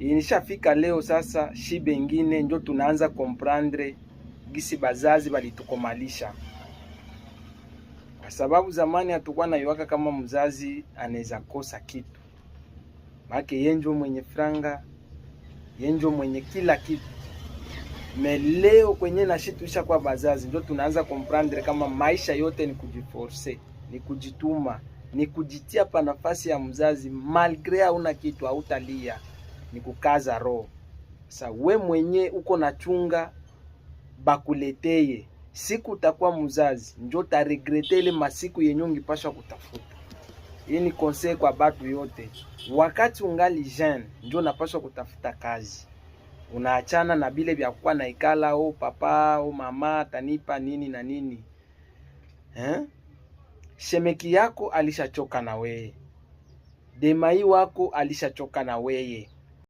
Inishafika leo sasa, shibe ingine njo tunaanza komprendre gisi bazazi balitukomalisha, kwa sababu zamani hatukuwa yuaka kama mzazi anaweza kosa kitu, make yenjo mwenye franga yenjo mwenye kila kitu. Me leo kwenye nashituisha kwa bazazi, njo tunaanza komprendre kama maisha yote ni kujiforce, ni kujituma, ni kujitia pa nafasi ya mzazi. Malgre hauna kitu, hautalia ni kukaza roho. Sa we mwenye uko na chunga bakuleteye, siku utakuwa mzazi njo taregrete ile masiku yenye ungipasha kutafuta. Hii ni conseil kwa batu yote, wakati ungali jeune njo napasha kutafuta kazi unaachana na bile vya kuwa na ikala o oh, papa o oh, mama tanipa nini na nini eh? Shemeki yako alishachoka na weye, demai wako alishachoka na weye.